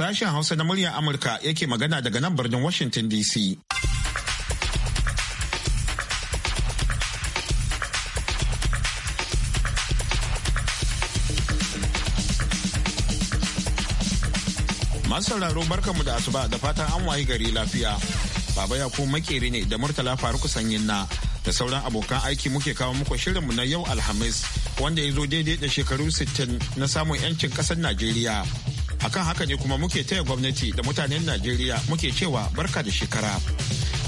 Sashen Hausa na muryar Amurka yake magana daga nan birnin Washington DC. Masu sauraro barkanmu da asuba da fatan an wayi gari lafiya. Baba Yakubu makeri ne da Murtala Faruku Sanyin na da sauran abokan aiki muke kawo muku shirinmu na yau Alhamis wanda ya zo daidai da shekaru 60 na samun 'yancin ƙasar Najeriya. akan haka ne kuma muke taya gwamnati da mutanen najeriya muke cewa barka da shekara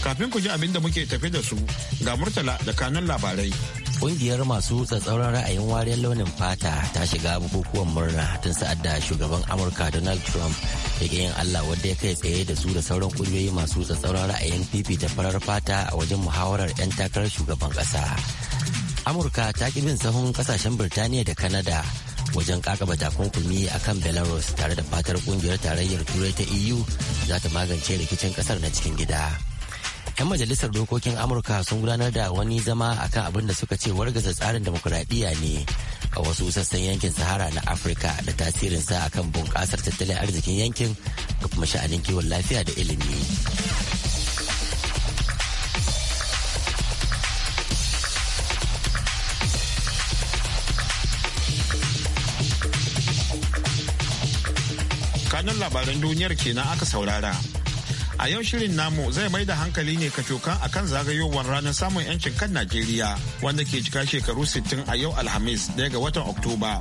kafin ku ji abin da muke tafi da su ga murtala da kanun labarai Ƙungiyar masu tsatsauran ra'ayin wariyar launin fata ta shiga bukukuwan murna tun sa'ad da shugaban Amurka Donald Trump ya yin Allah wanda ya kai tsaye da su da sauran ƙungiyoyi masu tsatsauran ra'ayin fifi ta farar fata a wajen muhawarar 'yan takarar shugaban ƙasa. Amurka ta ƙi bin sahun ƙasashen Birtaniya da Kanada. wajen kakaba takunkumi a kan belarus tare da fatar kungiyar tarayyar turai ta eu za ta magance rikicin kasar na cikin gida yan majalisar dokokin amurka sun gudanar da wani zama akan abin da suka ce wargaza tsarin demokuraɗiyya ne a wasu sassan yankin sahara na afirka da tasirinsa akan bunƙasar tattalin arzikin yankin da kuma sha'anin kiwon lafiya da ilimi ranar labaran duniyar kenan aka saurara. A yau shirin namu zai mai da hankali ne kacokan a kan zagayowar ranar samun 'yancin kan Najeriya wanda ke cika shekaru 60 a yau Alhamis daya ga watan Oktoba.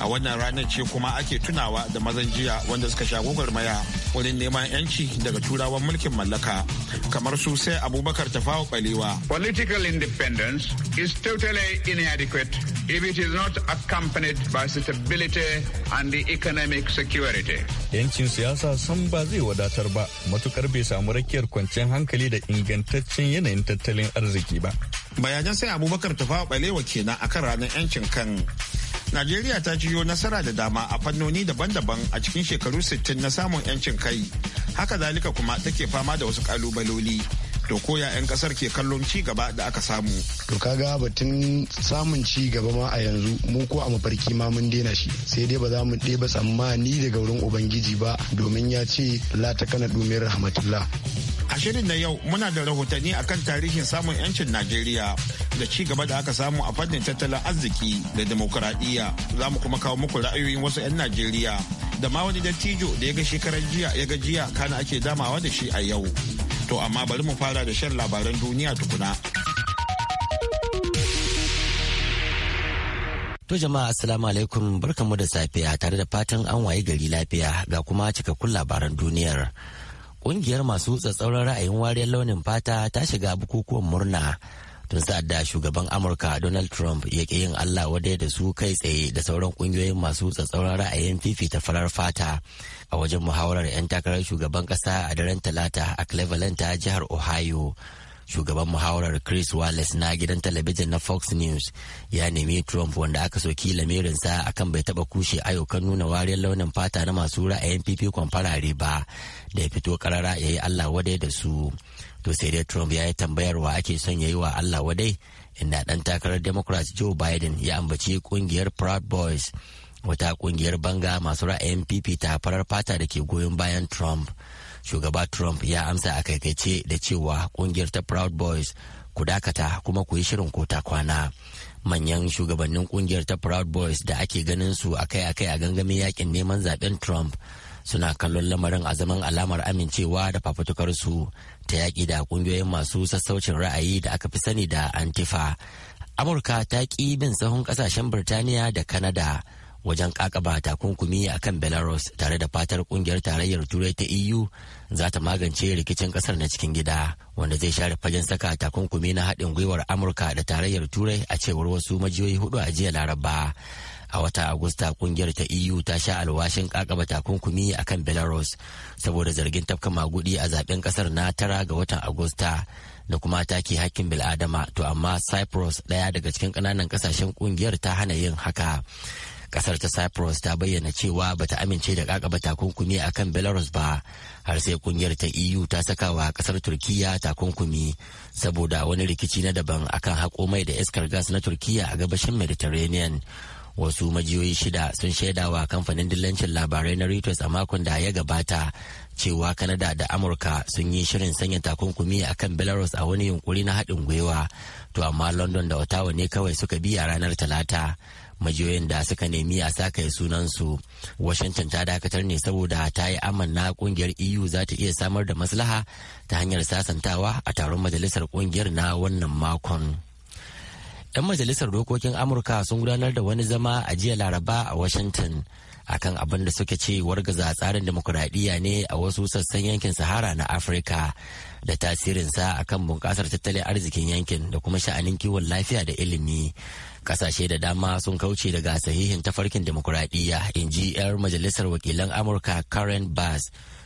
a wannan ranar ce kuma ake tunawa da mazan jiya wanda suka sha gwagwarmaya wurin neman yanci daga turawan mulkin mallaka kamar su sai abubakar tafawa balewa political independence is totally inadequate if it is not accompanied by stability and the economic security yancin siyasa sun ba zai wadatar ba matukar bai samu rakiyar kwanciyar hankali da ingantaccen yanayin tattalin arziki ba bayanan sai abubakar tafawa balewa kenan akan ranar yancin kan Najeriya ta jiyo nasara da dama a fannoni daban-daban a cikin shekaru 60 na samun 'yancin kai haka zalika kuma take fama da wasu kalubaloli to koya 'yan kasar ke kallon ci gaba da aka samu. To kaga batun samun ci gaba ma a yanzu mu ko a mafarki ma mun daina shi sai dai ba za mu ɗeba tsammani daga wurin ubangiji ba domin ya ce la ta kana dumin rahmatullah. A shirin na yau muna da rahotanni akan tarihin samun 'yancin Najeriya da ci gaba da aka samu a fannin tattalin arziki da demokuraɗiyya za mu kuma kawo muku ra'ayoyin wasu 'yan Najeriya da ma wani dattijo da ya ga shekarar jiya ya ga jiya kana ake damawa da shi a yau to amma bari mu fara da shan labaran duniya tukuna To jama'a assalamu alaikum barkanmu da safiya tare da fatan an waye gari lafiya ga kuma cikakkun labaran duniyar. ƙungiyar masu tsatsauran ra'ayin wariyar launin fata ta shiga bukukuwan murna tun sa'adda shugaban amurka donald trump ya ƙi yin allah wadai da su kai tsaye da sauran ƙungiyoyin masu tsatsauran ra'ayin fifita farar fata a wajen muhawarar 'yan takarar shugaban ƙasa a daren talata a cleveland ta jihar ohio shugaban muhawarar chris wallace na gidan talabijin na fox news ya nemi trump wanda aka soki lamirinsa akan bai taba kushe ayyukan nuna wariyar launin fata na masu ra'ayin fifikon farare ba da ya fito karara ya yi allah wadai da su to sai dai trump ya yi tambayar wa ake son ya yi wa allah wadai inda dan takarar democrat joe biden ya ambaci kungiyar proud boys wata kungiyar banga masu ra'ayin ta farar fata da ke goyon bayan trump shugaba trump ya amsa a kaikaice da cewa kungiyar ta proud boys ku dakata kuma ku yi shirin kota kwana manyan shugabannin kungiyar ta proud boys da ake ganin su akai-akai a gangamin yakin neman zaben trump suna kallon lamarin a zaman alamar amincewa da fafutukarsu ta yaƙi da ƙungiyoyin masu sassaucin ra'ayi da aka fi sani da antifa amurka ta ƙi bin sahun ƙasashen birtaniya da kanada wajen ƙaƙaba takunkumi a kan belarus tare da fatar ƙungiyar tarayyar turai ta eu za ta magance rikicin kasar na cikin gida wanda zai share fagen saka takunkumi na haɗin gwiwar amurka da tarayyar turai a cewar wasu majiyoyi hudu a jiya laraba a wata agusta kungiyar ta eu ta sha alwashin kakaba takunkumi a kan belarus saboda zargin tafka magudi a zaben kasar na tara ga watan agusta da kuma take hakkin bil'adama to amma cyprus daya daga cikin ƙananan kasashen kungiyar ta hana yin haka kasar ta cyprus ta bayyana cewa bata amince da kakaba takunkumi a kan belarus ba har sai kungiyar ta eu ta saka wa kasar turkiya takunkumi saboda wani rikici na daban akan haƙo mai da iskar gas na turkiya a gabashin mediterranean wasu majiyoyi shida sun shaida wa kamfanin dillancin labarai na reuters a makon da ya gabata cewa kanada da amurka sun yi shirin sanya takunkumi a kan belarus a wani yunkuri na haɗin gwiwa to amma london da ottawa ne kawai suka biya ranar talata majiyoyin da suka nemi a sakayi sunansu washington ta dakatar ne saboda ta yi amanna kungiyar eu za ta iya samar da maslaha ta hanyar sasantawa a taron majalisar kungiyar na wannan makon 'Yan majalisar dokokin Amurka sun gudanar da wani zama a jiya Laraba a Washington akan abin da suke ce wargaza tsarin demokuraɗiyya ne a wasu sassan yankin Sahara na Afirka da tasirinsa akan bunƙasar tattalin arzikin yankin da kuma sha'anin kiwon lafiya da ilimi. Ƙasashe da dama sun kauce daga sahihin tafarkin demokuraɗiyya in ji 'yar majalisar wakilan Amurka Karen Bass,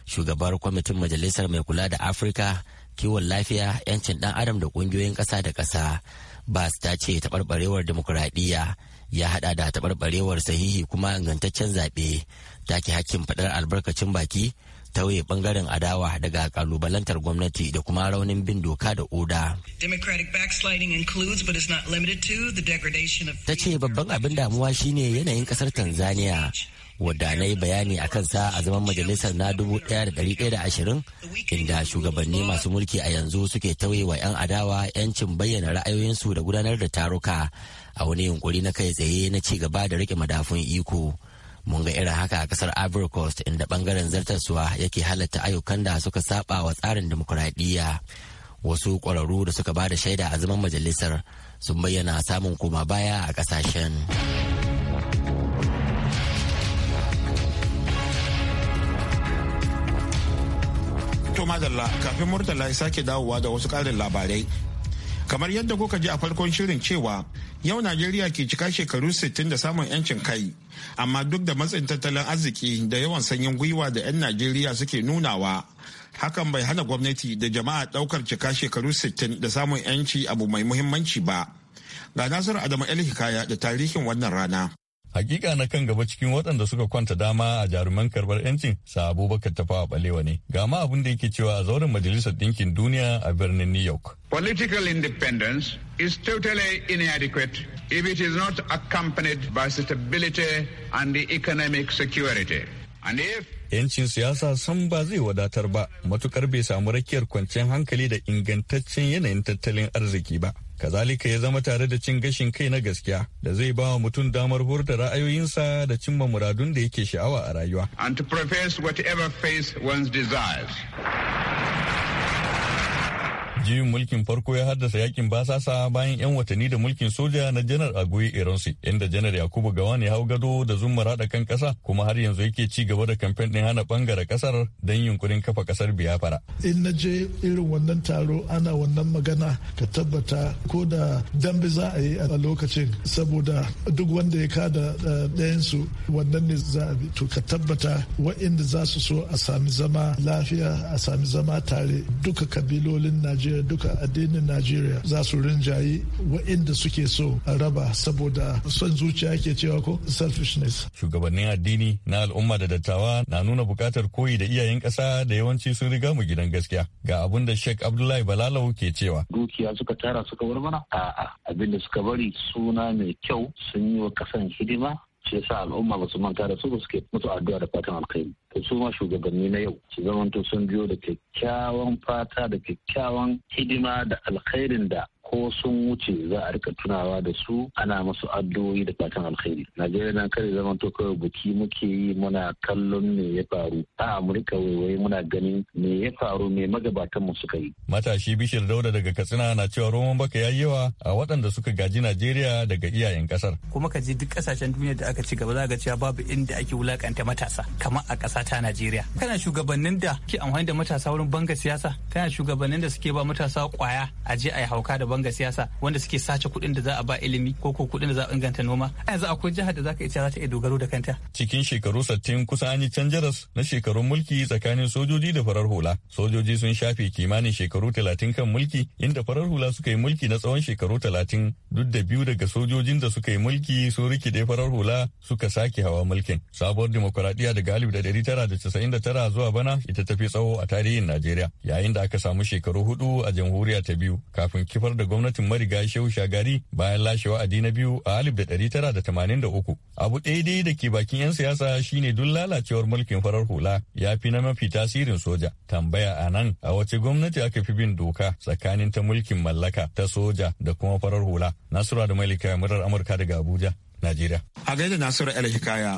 shugabar kwamitin majalisar mai kula da Afirka, kiwon lafiya, 'yancin ɗan adam da ƙungiyoyin ƙasa da ƙasa. bas ta ce taɓarɓarewar demokuraɗiyya ya haɗa da taɓarɓarewar sahihi kuma ingantaccen zaɓe ta ke hakkin faɗar albarkacin baki tauye ɓangaren adawa daga kalubalantar gwamnati da kuma raunin bin doka da oda. Ta ce babban abin damuwa shine yanayin ƙasar Tanzania wadda na yi bayani a kansa a zaman majalisar na 1120 inda shugabanni masu mulki a yanzu suke tauye wa 'yan adawa 'yancin bayyana ra'ayoyinsu da gudanar da taruka a wani yunkuri na kai tsaye na ci gaba da rike madafun iko mun ga irin haka a kasar ivory coast inda bangaren zartaswa yake halatta ayyukan da suka saba wa tsarin dimokuraɗiyya wasu ƙwararru da suka ba da shaida a zaman majalisar sun bayyana samun koma baya a ƙasashen. To madalla kafin Murtala ya sake dawowa da wasu karin labarai. Kamar yadda kuka ji a farkon shirin cewa yau Najeriya ke cika shekaru 60 da samun 'yancin kai, amma duk da matsin tattalin arziki da yawan sanyin gwiwa da 'yan Najeriya suke nunawa, hakan bai hana gwamnati da jama'a ɗaukar cika shekaru 60 da samun 'yanci abu mai muhimmanci ba. Ga Nasiru Adamu El Hikaya da tarihin wannan rana. Hakika na kan gaba cikin waɗanda suka kwanta dama a jaruman karbar 'yancin sa abubakar tafawa balewa ne. Ga ma abin da yake cewa a zauren majalisar ɗinkin duniya a birnin New York. Political independence is totally inadequate if it is not accompanied by stability and the economic security. And if yancin siyasa san ba zai wadatar ba matukar bai samu rakiyar kwanciyar hankali da ingantaccen yanayin tattalin arziki ba. kazalika ya zama tare da cin gashin kai na gaskiya da zai ba wa mutum damar hurda ra'ayoyinsa da cimma muradun da yake sha'awa a rayuwa. And to profess whatever faith one's desires. Juyin mulkin farko ya haddasa yakin basasa bayan 'yan watanni da mulkin soja na janar Agoye Ironsi, inda janar Yakubu Gawan ya hau gado da zumar kan kasa kuma har yanzu yake ci gaba da kamfen din hana bangare kasar don yunkurin kafa kasar biyafara. In na je irin wannan taro ana wannan magana ka tabbata ko da dambe za a yi a lokacin saboda duk wanda ya kada eh, su wannan ne za a bi to ka tabbata wa'inda za su so a sami zama lafiya a sami zama tare duka kabilolin Najeriya najeriya duka addinin najeriya za su rinjaye wa'inda suke so a raba saboda son zuciya ke cewa ko selfishness shugabannin addini na al'umma da dattawa na nuna bukatar koyi da iyayen ƙasa da yawanci sun riga mu gidan gaskiya ga abin da sheikh abdullahi balalau ke cewa dukiya suka tara suka bar mana a'a abin da suka bari suna mai kyau sun yi wa kasan hidima shi yasa al'umma ba su manta da su ba suke musu addu'a da fatan alkhairi to su ma shugabanni na yau su zamanto sun biyo da kyakkyawan fata da kyakkyawan hidima da alkhairin da ko sun wuce za a rika tunawa da su ana masu addu'o'i da fatan alkhairi najeriya na kare zaman to kawai buki muke yi muna kallon me ya faru a amurka waiwai muna ganin me ya faru me magabatan mu suka yi matashi bishir dauda daga katsina na cewa roman baka yayi yawa a waɗanda suka gaji najeriya daga iyayen kasar kuma ka je duk kasashen duniya da aka ci gaba za ka cewa babu inda ake wulakanta matasa kamar a ƙasa ta najeriya kana shugabannin da ke amfani da matasa wurin banga siyasa kana shugabannin da suke ba matasa kwaya a je a yi hauka da bangar siyasa wanda suke sace kuɗin da za a ba ilimi ko ko kuɗin da za a inganta noma a yanzu akwai jihar da za ka iya za ta iya dogaro da kanta. cikin shekaru sattin kusa an yi canjaras na shekarun mulki tsakanin sojoji da farar hula sojoji sun shafe kimanin shekaru talatin kan mulki inda farar hula suka yi mulki na tsawon shekaru talatin duk da biyu daga sojojin da suka yi mulki sun rikide farar hula suka sake hawa mulkin sabuwar dimokuraɗiyya daga alif da dari tara da casa'in da tara zuwa bana ita tafi tsawo a tarihin najeriya yayin da aka samu shekaru hudu a jamhuriya ta biyu kafin kifar da gwamnatin mariga Shehu Shagari bayan lashe wa'adi na biyu a 1983. Abu ɗaya dai da ke bakin 'yan siyasa shine duk lalacewar mulkin farar hula ya fi na mafi tasirin soja. Tambaya a nan a wace gwamnati aka fi bin doka tsakanin ta mulkin mallaka ta soja da kuma farar hula. Nasura da Malika murar Amurka daga Abuja, Najeriya. A gaida Nasura El Hikaya,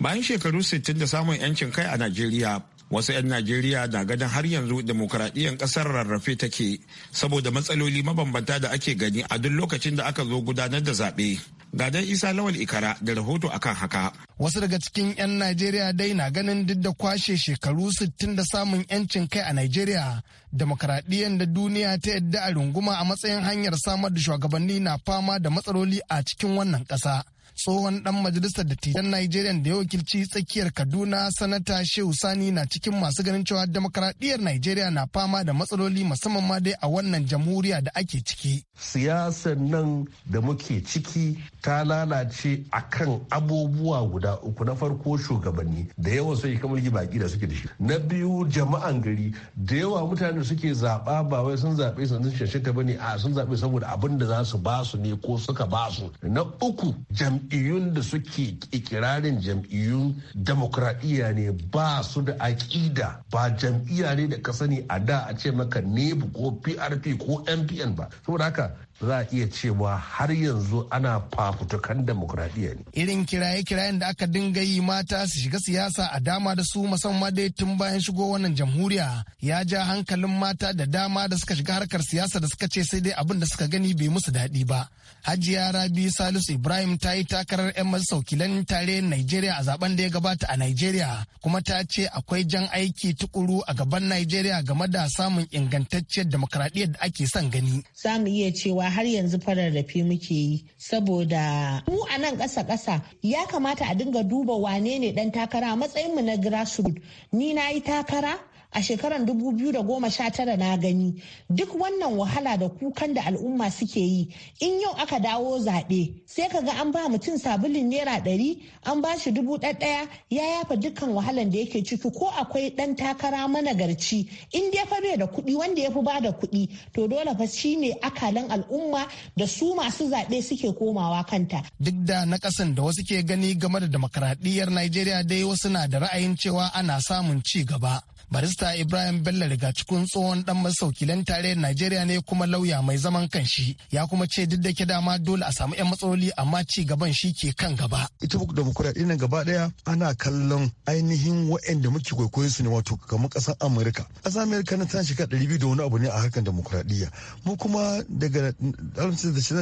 bayan shekaru 60 da samun 'yancin kai a Najeriya, wasu 'yan najeriya na ganin har yanzu demokuraɗiyyar ƙasar rarrafe take saboda matsaloli mabambanta da ake gani a duk lokacin da aka zo gudanar da zaɓe ga dai isa lawal ikara da rahoto akan haka wasu daga cikin 'yan najeriya dai na ganin duk da kwashe shekaru 60 da samun 'yancin kai a najeriya demokaradiyyar da duniya ta yadda a runguma a matsayin hanyar samar da shugabanni na fama da matsaloli a cikin wannan ƙasa tsohon dan majalisar dattijan nigeria da ya wakilci tsakiyar Kaduna sanata Shehu Sani na cikin masu ganin cewa demokradiyyar nigeria na fama da matsaloli musamman ma dai a wannan jamhuriya da ake ciki. Siyasar nan da muke ciki ta lalace akan abubuwa guda uku na farko shugabanni da yawan sai kamar baki da suke da shi. Na biyu jama'an gari da yawa mutane suke zaba ba wai sun zabe sun ta bane a sun zabe saboda abin da za su ba su ne ko suka ba su. Na uku jam'i jam'iyyun da suke ikirarin jam'iyyun demokradiyya ne ba su da aƙida ba jam'iyya ne da ka sani a da a ce maka nebu ko prp ko mpn ba saboda haka za a iya cewa har yanzu ana fafutukan demokradiyya ne. Irin kiraye-kirayen da aka dinga yi mata su shiga siyasa a dama da su musamman dai tun bayan shigo wannan jamhuriya ya ja hankalin mata da dama da suka shiga harkar siyasa da suka ce sai dai abin da suka gani bai musu daɗi ba. Hajiya Rabi Salisu Ibrahim ta yi takarar 'yan masu saukilan tare Najeriya a zaben da ya gabata a Najeriya kuma ta ce akwai jan aiki tukuru a gaban Najeriya game da samun ingantacciyar demokradiyyar da ake son gani. Za mu iya cewa har yanzu fararrafe muke yi saboda mu a nan ƙasa ƙasa ya kamata a dinga duba wane ne ɗan takara matsayin mu na grassroots ni na yi takara a shekarar 2019 na gani duk wannan wahala da kukan da al'umma suke yi in yau aka dawo zaɓe sai ka ga an ba mutum sabulin naira ɗari an ba shi dubu ɗaya ya yafa dukkan wahalan da yake ciki ko akwai ɗan takara managarci in dai fa bai da kuɗi wanda ya fi ba da kuɗi to dole fa shi ne akalan al'umma da su masu zaɓe suke komawa kanta. Duk da na ƙasan da wasu ke gani game da demokaradiyyar Najeriya dai wasu na da ra'ayin cewa ana samun ci gaba barista ibrahim bello daga cikin tsohon dan tare tarayyar najeriya ne kuma lauya mai zaman kanshi ya kuma ce duk da ke dama dole a samu 'yan matsaloli amma ci gaban shi ke kan gaba ita demokuraɗi nan gaba ɗaya ana kallon ainihin wa'anda muke kwaikwayo su ne wato kamar ƙasar amurka ƙasar amurka na tashi shekara ɗari biyu da wani abu ne a harkar demokuraɗiyya mu kuma daga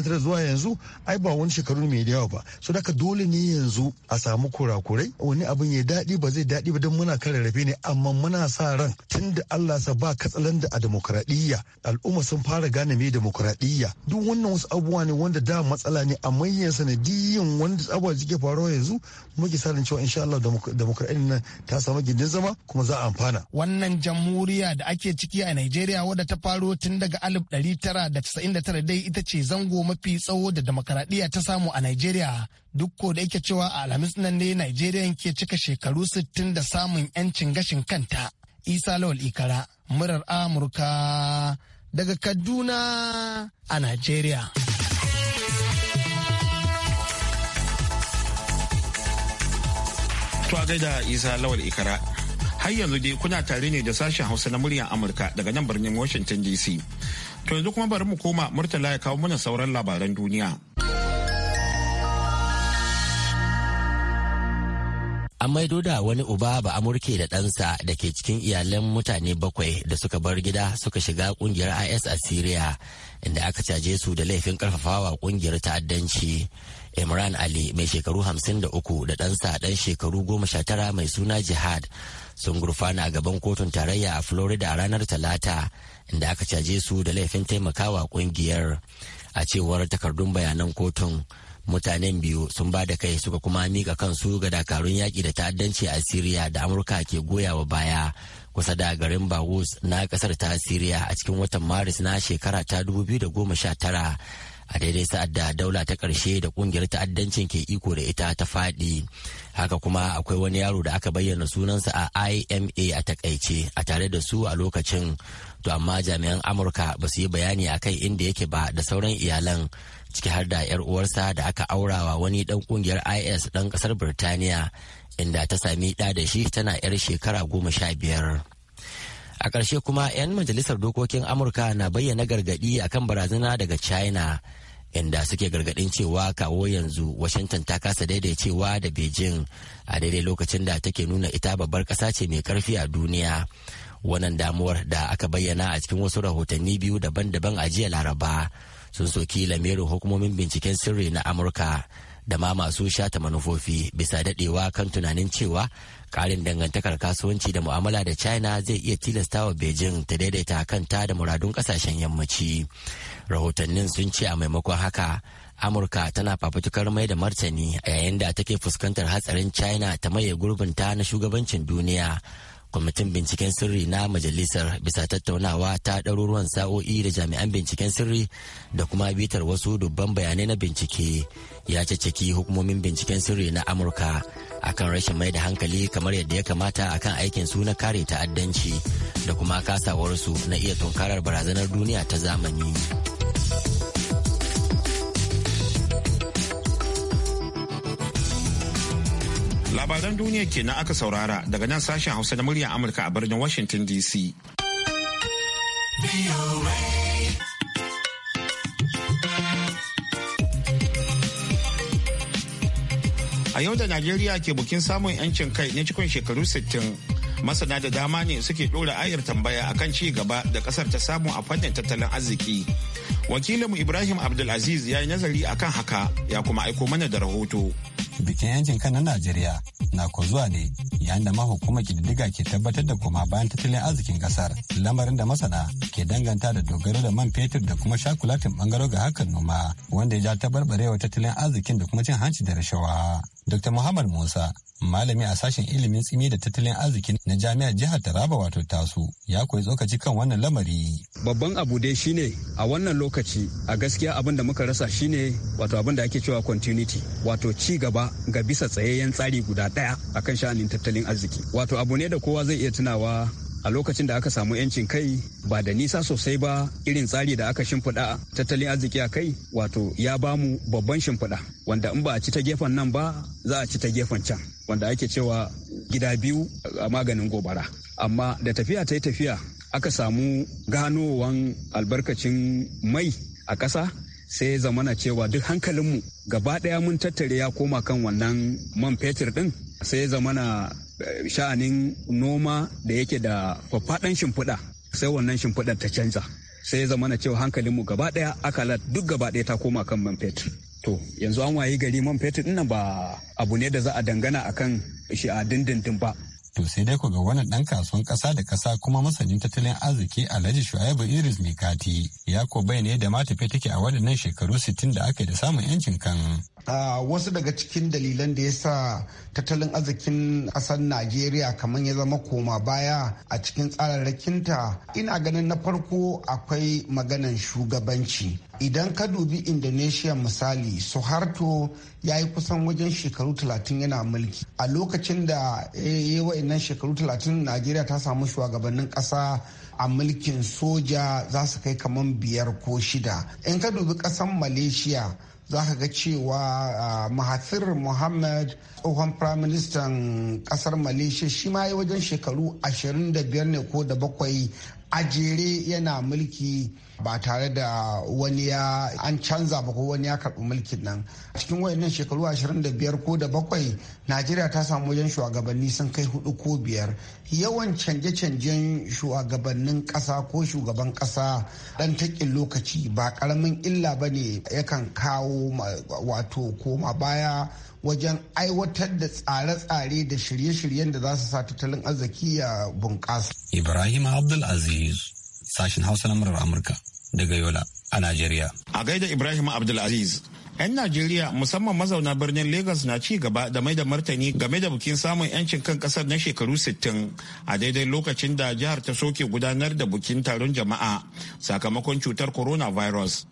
tara zuwa yanzu ai ba wani shekaru mai da yawa ba so daka dole ne yanzu a samu kurakurai wani abin ya daɗi ba zai daɗi ba don muna kan rarrafe ne amma muna sa ran tun da Allah sa ba katsalan da a demokradiyya al'umma sun fara gane me demokradiyya duk wannan wasu abubuwa ne wanda da matsala ne a manyan sanadiyyin wanda abubuwa suke faruwa yanzu muke sa cewa insha Allah demokradiyya nan ta samu gindin zama kuma za a amfana wannan jamhuriya da ake ciki a nigeria wadda ta faro tun daga 1999 dai ita ce zango mafi tsawo da demokradiyya ta samu a nigeria duk ko da yake cewa a Alhamis nan ne nigeria ke cika shekaru 60 da samun 'yancin gashin kanta. Isa Lawal Ikara, murar Amurka daga Kaduna a Najeriya. Tuwa gaida Isa Lawal Ikara. Har yanzu dai kuna tare ne da sashen Hausa na muryar Amurka daga nan birnin Washington DC. To yanzu kuma bari mu koma Murtala ya kawo mana sauran labaran duniya. an maido da wani uba ba amurke da ɗansa da ke cikin iyalan mutane bakwai da suka bar gida suka shiga kungiyar is a syria inda aka caje su da laifin karfafawa kungiyar ta'addanci imran ali mai shekaru hamsin da uku da ɗansa ɗan shekaru goma 19 mai suna jihad sun gurfana a gaban kotun tarayya a florida ranar talata inda aka caje su da laifin taimakawa kungiyar a cewar takardun bayanan kotun mutanen biyu sun ba da kai suka kuma mika kansu ga dakarun yaƙi da ta'addanci a siriya da amurka ke goyawa baya kusa da garin bawus na ƙasar ta siriya a cikin watan maris na shekara ta 2019 a daidai sa'ad da daula ta ƙarshe da ƙungiyar ta'addancin ke iko da ita ta faɗi haka kuma akwai wani yaro da aka bayyana sunansa a ima a takaice a tare da su a lokacin to amma jami'an amurka ba su yi bayani akan inda yake ba da sauran iyalan ciki har da 'yar uwarsa da aka aurawa wani dan kungiyar is dan kasar birtaniya inda ta sami ɗa da shi tana 'yar shekara goma sha biyar a ƙarshe kuma 'yan majalisar dokokin amurka na bayyana gargaɗi akan barazana daga china inda suke gargaɗin cewa kawo yanzu washington ta kasa daidaicewa da beijing a daidai lokacin da take nuna ita babbar ƙasa ce mai ƙarfi a duniya wannan damuwar da aka bayyana a cikin wasu rahotanni biyu daban-daban a jiya laraba sun soki lamirin hukumomin binciken sirri na amurka da ma masu shata manufofi bisa dadewa kan tunanin cewa karin dangantakar kasuwanci da mu'amala da china zai iya tilasta wa beijing ta daidaita kanta da muradun kasashen yammaci rahotannin sun ce a maimakon haka amurka tana fafutukar mai da martani a yayin da take fuskantar hatsarin china ta maye gurbinta na shugabancin duniya kwamitin binciken sirri na majalisar bisa tattaunawa ta ɗaruruwan sa'o'i da jami'an binciken sirri da kuma bitar wasu dubban bayanai na bincike ya ceceki hukumomin binciken sirri na amurka akan rashin mai da hankali kamar yadda ya kamata akan aikin su na kare ta'addanci da kuma kasawarsu na iya tunkarar barazanar duniya ta zamani. Labaran duniya kenan aka saurara daga nan sashen Hausa na muryar Amurka a birnin Washington DC. A yau da Najeriya ke bukin samun 'yancin kai na cikin shekaru 60 masana da dama ne suke ɗora ayar tambaya akan ci gaba da ƙasar ta samu a fannin tattalin arziki. Wakilinmu Ibrahim Abdulaziz ya yi nazari akan haka ya kuma aiko mana da rahoto. bikin yankin kan na najeriya na ko zuwa ne yayin da mahukumar kididdiga ke tabbatar da koma bayan tattalin arzikin kasar lamarin da masana ke danganta da dogaro da man fetur da kuma shakulatin bangaro ga hakan noma wanda ya ja tabarbarewa tattalin arzikin da kuma cin hanci da rashawa dr muhammad musa malami a sashen ilimin tsimi da tattalin arziki na jami'ar jihar taraba wato tasu ya koyi tsokaci kan wannan lamari babban abu dai shine a wannan lokaci a gaskiya abin da muka rasa shine wato abin da ake cewa continuity wato ci gaba ga bisa tsayayyen tsari guda daya akan sha'anin tattalin arziki wato abu ne da kowa zai iya tunawa a lokacin da aka samu 'yancin kai ba da nisa sosai ba irin tsari da aka shimfiɗa tattalin arziki a kai wato ya ba mu babban shimfiɗa wanda in ba a ci ta gefen nan ba za a ci ta gefen can wanda ake cewa gida biyu a maganin gobara amma da tafiya ta yi tafiya aka samu ganowan albarkacin mai a ƙasa sai zamana cewa duk hankalinmu gaba ɗaya mun tattare ya koma kan wannan man fetur ɗin sai zamana Eh, sha'anin noma da yake da faffaɗan shimfiɗa sai wannan shimfiɗar ta canza sai ya zama na cewa hankalinmu gaba ɗaya akala duk gaba ɗaya ta koma kan man fetur to yanzu an wayi gari man fetur ɗin ba abu ne da za a dangana a kan shi a dindindin ba to sai dai ku ga wani ɗan kasuwan ƙasa da ƙasa kuma masanin tattalin arziki alhaji shu'aibu idris mikati ya ko bai ne da ma tafi take a waɗannan shekaru sittin da ake da samun yancin kan Ah, wasu daga cikin dalilan da ya sa tattalin arzikin ƙasar najeriya kamar ya zama koma baya a cikin tsararrakinta ina ganin na farko akwai maganan shugabanci idan ka dubi indonesia misali suharto ya yi kusan wajen shekaru 30 yana mulki a lokacin da ya shekaru 30 najeriya ta samu shugabannin ƙasa a mulkin soja za su kai kamar biyar ko shida in ka dubi ƙasar malaysia za ka ga cewa ah, mahathir muhammad tsohon Prime firaministan kasar malaysia shi ma wajen shekaru 25 ne ko da bakwai a jere yana mulki ba tare da wani ya an canza ba ko wani ya karɓi mulkin nan cikin wayannan shekaru 25 ko da bakwai najeriya ta samu wajen shugabanni sun kai hudu ko biyar yawan canje-canjen shugabannin ƙasa ko shugaban ƙasa ɗan takin lokaci ba ƙaramin illa ba ne yakan kawo wato koma baya wajen aiwatar da tsare-tsare da shirye-shiryen da za su sa tattalin arziki ya bunƙasa. Ibrahim Abdulaziz, sashen Hausa na murar Amurka daga Yola a Najeriya. A gaida Ibrahim Abdulaziz, 'yan Najeriya musamman mazauna birnin Lagos na ci gaba da mai da martani game da bukin samun 'yancin kan kasar na shekaru 60 a daidai lokacin da jihar ta soke gudanar da bukin taron jama'a sakamakon cutar coronavirus.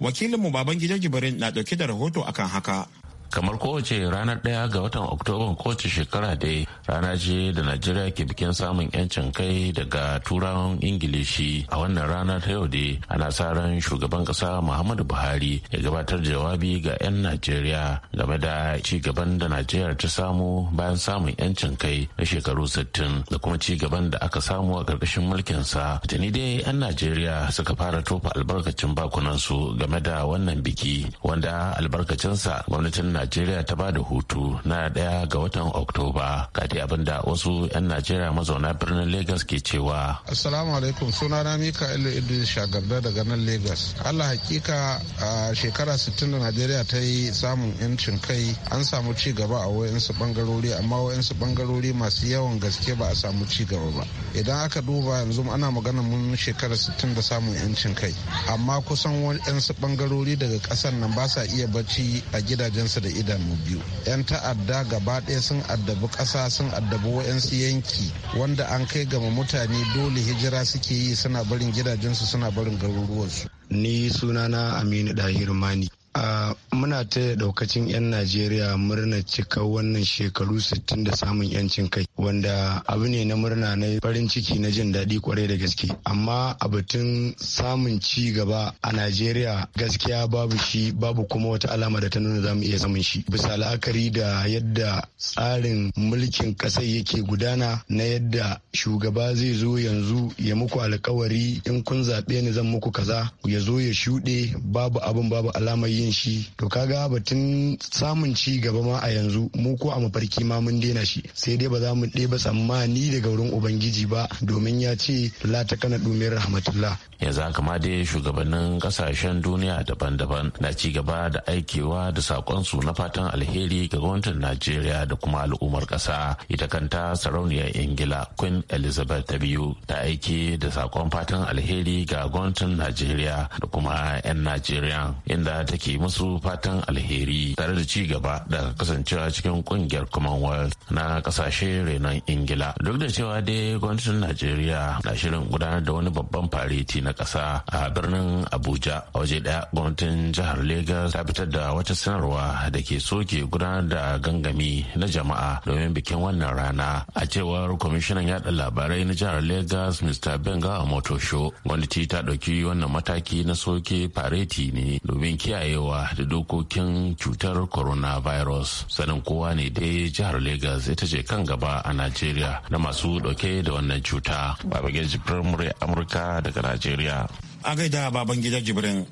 Wakilinmu baban Babangida Jibrin na ɗauke da rahoto akan haka. kamar kowace ranar ɗaya ga watan oktoban kowace shekara dai rana ce da najeriya ke bikin samun yancin kai daga turawan ingilishi a wannan rana ta yau dai ana sa ran shugaban ƙasa muhammadu buhari ya gabatar da jawabi ga 'yan najeriya game da ci gaban da najeriya ta samu bayan samun yancin kai na shekaru 60 da kuma ci gaban da aka samu a ƙarƙashin mulkinsa tuni dai 'yan najeriya suka fara tofa albarkacin bakunansu game da wannan biki wanda albarkacinsa gwamnatin najeriya ta ba da hutu na daya ga watan oktoba ga dai abin wasu 'yan najeriya mazauna birnin lagos ke cewa assalamu alaikum suna na mika ilu idris shagarda daga nan lagos allah hakika a shekara 60 da najeriya ta yi samun yancin kai an samu ci gaba a wayansu bangarori amma wayansu bangarori masu yawan gaske ba a samu ci gaba ba idan aka duba yanzu ana magana mun shekara 60 da samun yancin kai amma kusan wayansu bangarori daga kasan nan ba sa iya bacci a gidajensu da da idanu biyu yan ta'adda gaba ɗaya sun addabi ƙasa sun addabi wa'yansu yanki wanda an kai gama mutane dole hijira suke yi suna barin gidajensu suna barin garuruwansu ni sunana aminu dahir mani Uh, muna ta daukacin 'yan najeriya murna cika wannan shekaru 60 da samun 'yancin kai wanda abu ne na murna na farin ciki na jin daɗi kwarai da gaske amma a batun samun ci gaba a najeriya gaskiya babu shi babu kuma wata alama da ta nuna zamu iya samun shi bisa la'akari da yadda tsarin mulkin ƙasar yake gudana na yadda shugaba zai zo yanzu ya muku alkawari in kun zaɓe ni zan muku kaza ya zo ya shuɗe babu abin babu alamar yin shi to kaga batun samun ci gaba ma a yanzu mu ko a mafarki ma mun daina shi sai dai ba za mu ɗeba tsammani daga wurin ubangiji ba domin ya ce la ta kana dumin rahmatullah yanzu haka ma dai shugabannin kasashen duniya daban-daban na ci gaba da aikewa da sakonsu na fatan alheri ga gwamnatin najeriya da kuma al'ummar ƙasa ita kanta sarauniyar ingila queen elizabeth ta biyu ta aiki da sakon fatan alheri ga gwamnatin najeriya da kuma 'yan najeriya inda take ke musu fatan alheri tare da ci gaba da kasancewa cikin kungiyar commonwealth na kasashe renon ingila duk da cewa dai gwamnatin najeriya na shirin gudanar da wani babban fareti na kasa a birnin abuja a waje daya gwamnatin jihar lagos ta fitar da wata sanarwa da ke soke gudanar da gangami na jama'a domin bikin wannan rana a cewar kwamishinan yada labarai na jihar lagos mr benga motosho gwamnati ta dauki wannan mataki na soke fareti ne domin kiyaye wa da dokokin cutar coronavirus sanin kowa ne dai jihar lagos ita ce kan gaba a najeriya na masu dauke da wannan cuta babagen jibirin murya amurka daga najeriya a gaida baban gida jibrin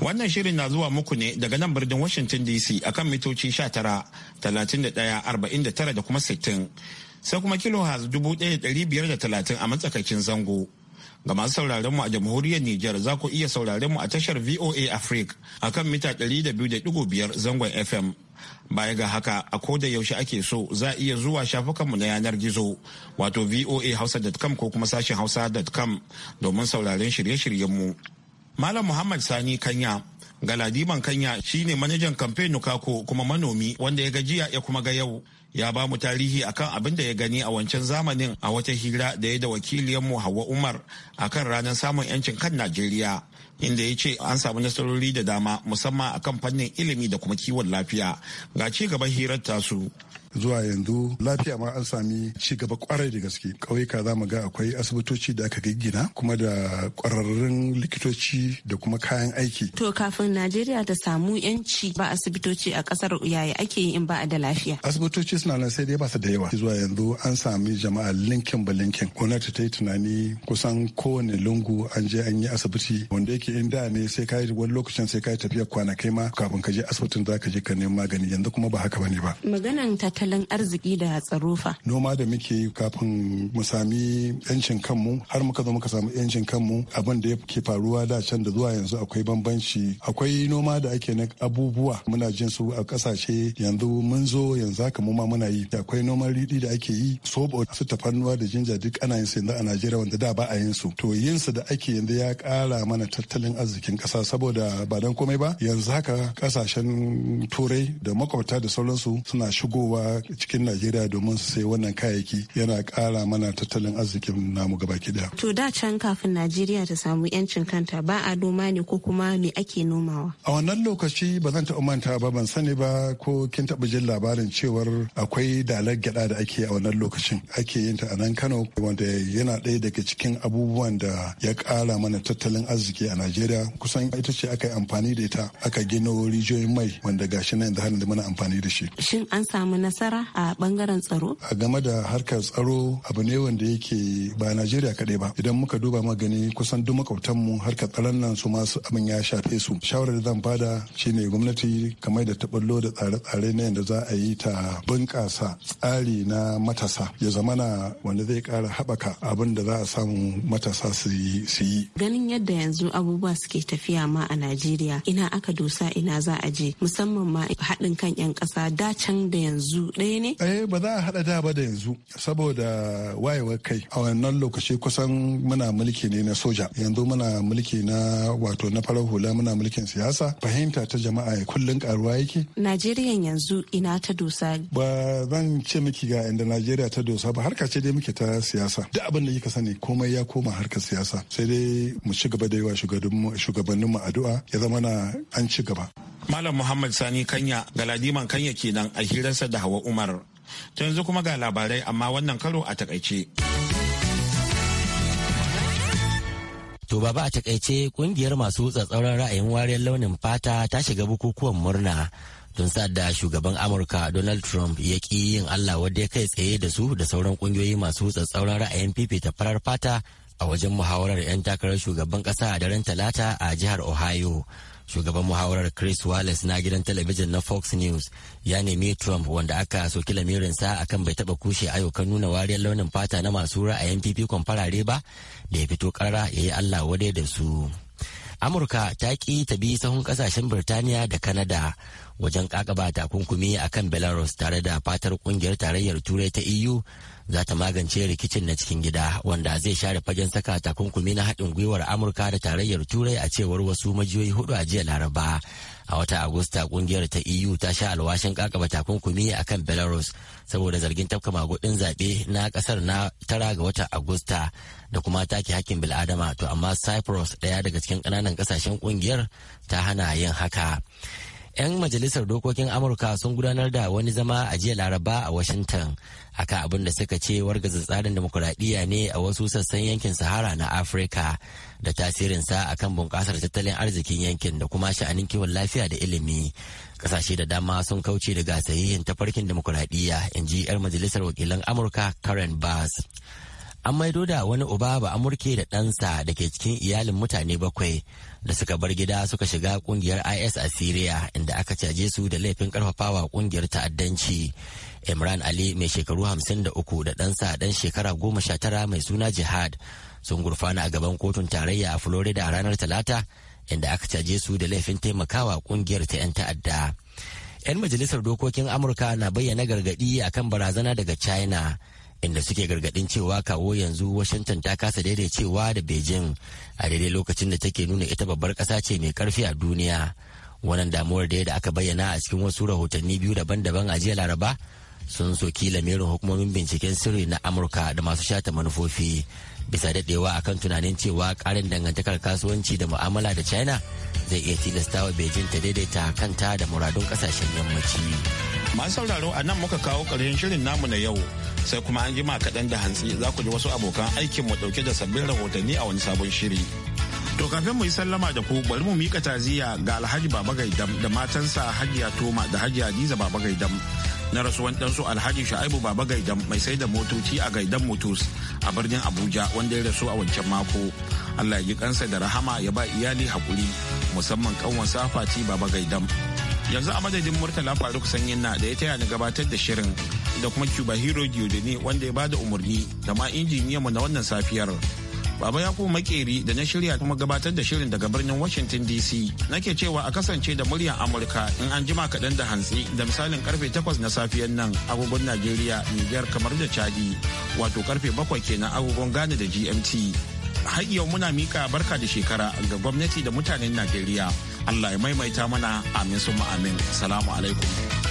wannan shirin na zuwa muku ne daga nan birnin washington dc akan mitoci 19 da kuma 60 sai kuma kilohaz 1530 a matsakaicin zango Ga masu sauraron mu a jamhuriyar Nijar za ku iya sauraron mu a tashar VOA Africa a kan mita 200.5 zangon FM. Baya ga haka a ko da yaushe ake so za a iya zuwa shafukan mu na yanar gizo wato voahausa.com ko kuma sashen hausa.com domin sauraron shirye shiryen mu Malam Muhammad Sani Kanya Galadiman Kanya shine manajan kamfe Nukako kuma manomi wanda ya gajiya ya kuma ga yau. ya ba mu tarihi akan abin da ya gani a wancan zamanin a wata hira da ya da mu Hauwa Umar akan ranar samun 'yancin kan Najeriya. Inda ya ce an samu nasarori da dama musamman akan fannin ilimi da kuma kiwon lafiya. Ga ci gaban hirar tasu. zuwa yanzu lafiya ma an sami ci gaba kwarai da gaske ƙauyuka za mu ga akwai asibitoci da aka giggina kuma da kwararrun likitoci da kuma kayan aiki to kafin najeriya ta samu yanci ba asibitoci a kasar yaya ake yi in ba a da lafiya asibitoci suna nan sai dai ba su da yawa zuwa yanzu an sami jama'a linkin ba linkin gwamnati ta yi tunani kusan kowane lungu an je an yi asibiti wanda yake in da ne sai ka yi wani lokacin sai ka yi tafiyar kwanakai ma kafin ka je asibitin za ka je ka neman magani yanzu kuma ba haka bane ba maganan ta tattalin arziki da tsarufa. Noma da muke kafin mu sami yancin kanmu har muka zo muka samu yancin kanmu abin da ya ke faruwa da can da zuwa yanzu akwai bambanci akwai noma da ake na abubuwa muna jin su a kasashe yanzu mun zo yanzu haka mu ma muna yi akwai noman riɗi da ake yi sobo su tafarnuwa da jinja duk ana yin su yanzu a Najeriya wanda da ba a yin su to yin su da ake yanzu ya kara mana tattalin arzikin kasa saboda ba dan komai ba yanzu haka kasashen turai da makwabta da sauransu suna shigowa cikin Najeriya domin su sai wannan kayayyaki yana ƙara mana tattalin arzikin namu gaba daya. To da can kafin Najeriya ta samu 'yancin kanta ba a noma ne ko kuma me ake nomawa? A wannan lokaci ba zan taɓa manta ba ban sani ba ko kin taɓa jin labarin cewar akwai dalar gyaɗa da ake a wannan lokacin ake yin ta a nan Kano wanda yana ɗaya daga cikin abubuwan da ya ƙara mana tattalin arziki a Najeriya kusan ita ce aka yi amfani da ita aka gino rijiyoyin mai wanda gashi nan da hannun da muna amfani da shi. Shin an samu nasara nasara a bangaren tsaro? A game da harkar tsaro abu ne wanda yake ba Najeriya kaɗai ba. Idan muka duba magani kusan duk mu harkar tsaron nan su masu abin ya shafe su. Shawarar da zan bada shine gwamnati kamar da taballo da tsare-tsare na yadda za a yi ta bunƙasa tsari na matasa ya zama na wanda zai ƙara haɓaka abin da za a samu matasa su yi. Ganin yadda yanzu abubuwa suke tafiya ma a Najeriya ina aka dosa ina za a je musamman ma haɗin kan 'yan ƙasa dacen da yanzu ɗaya ne? Eh ba za a haɗa da ba da yanzu saboda wayewar kai a wannan lokaci kusan muna mulki ne na soja yanzu muna mulki na wato na farar hula muna mulkin siyasa fahimta ta jama'a ya kullun karuwa yake. Najeriya yanzu ina ta dosa. Ba zan ce miki ga inda Najeriya ta dosa ba harka ce dai muke ta siyasa duk abin da kika sani komai ya koma harkar siyasa sai dai mu ci gaba da yawa mu addu'a ya zama na an ci gaba. Malam Muhammad Sani Kanya Galadiman Kanya kenan a hirarsa da Hawa Umar. To yanzu kuma ga labarai amma wannan karo a takaice. To baba a takaice kungiyar masu tsatsauran ra'ayin wariyar launin fata ta shiga bukukuwan murna don da shugaban Amurka Donald Trump ya ƙi yin Allah wadda ya kai tsaye da su da sauran kungiyoyi masu tsatsauran ra'ayin fifita farar fata a wajen muhawarar 'yan takarar shugaban ƙasa a daren talata a jihar Ohio. shugaban muhawarar chris wallace na gidan talabijin na fox news ya nemi trump wanda aka soki lamirinsa akan bai taba kushe ayyukan nuna wariyar launin fata na masu ra'ayin fifikon farare ba da ya fito kara ya yi allah wadai da su amurka ta ƙi ta bi sahun ƙasashen birtaniya da kanada wajen ƙaƙaba takunkumi a kan belarus tare da fatar ƙungiyar tarayyar turai ta eu za ta magance rikicin na cikin gida wanda zai share fagen saka takunkumi na haɗin gwiwar amurka da tarayyar turai a cewar wasu majiyoyi hudu a jiya laraba a wata agusta kungiyar ta eu ta sha alwashin kakaba takunkumi a kan belarus saboda zargin tafka magudin zaɓe na ƙasar na tara ga wata agusta da kuma take hakkin bil'adama to amma cyprus ɗaya daga cikin ƙananan ƙasashen kungiyar ta hana yin haka 'yan majalisar dokokin amurka sun gudanar da wani zama a jiya laraba a washington akan abin da suka ce wargaza tsarin demokuraɗiyya ne a wasu sassan yankin sahara na afirka da tasirinsa a kan bunƙasar tattalin arzikin yankin da kuma sha'anin kiwon lafiya da ilimi kasashe da dama sun kauce daga sahihin tafarkin demokuraɗiyya in ji 'yar majalisar wakilan amurka karen bass an maido da wani uba ba amurke da ɗansa da ke cikin iyalin mutane bakwai da suka bar gida suka shiga kungiyar is a syria inda aka caje su da laifin karfafawa kungiyar ta'addanci imran ali mai shekaru hamsin da uku da ɗansa dan shekara goma sha tara mai suna jihad sun gurfana a gaban kotun tarayya a florida ranar talata inda aka caje su da laifin taimakawa kungiyar ta 'yan ta'adda 'yan majalisar dokokin amurka na bayyana gargaɗi akan barazana daga china inda suke gargadin cewa kawo yanzu washington ta kasa daidai cewa da beijing a daidai lokacin da take nuna ita babbar kasa ce mai karfi a duniya wannan damuwar da da aka bayyana a cikin wasu rahotanni biyu daban-daban a jiya laraba sun soki lamirin hukumomin binciken sirri na amurka da masu shata manufofi bisa daɗewa akan tunanin cewa karin dangantakar kasuwanci da mu'amala da china zai iya tilasta wa beijing ta daidaita kanta da muradun ƙasashen yammaci masu sauraro a nan muka kawo ƙarshen shirin namu na yau sai kuma an jima kaɗan da hantsi za ku ji wasu abokan aikin mu ɗauke da sabbin rahotanni a wani sabon shiri To kafin mu yi sallama da ku bari mu mika taziya ga Alhaji Baba Gaidam da matansa Hajiya Toma da Hajiya Hadiza Baba Gaidam na rasuwan ɗansu alhaji sha'ibu baba gaidan mai sai da motoci a gaidan motos a birnin abuja wanda ya rasu a wancan mako allah ya ji kansa da rahama ya ba iyali hakuri musamman ƙanwan fati baba gaidan yanzu a madadin murtala faruk sanyin na da ya taya ni gabatar da shirin da kuma cuba hero ne wanda ya bada umarni da ma injiniyanmu na wannan safiyar Baba Yakubu Makeri da na shirya kuma gabatar da shirin daga birnin Washington DC. Nake cewa a kasance da muryar Amurka in an jima kaɗan da hantsi da misalin karfe 8 na safiyar nan agogon Najeriya, Nijar kamar da Chadi. Wato karfe bakwai kenan agogon Ghana da GMT. Har yau muna mika barka da shekara ga gwamnati da mutanen Najeriya. Allah ya maimaita mana amin suma amin. Salamu alaikum.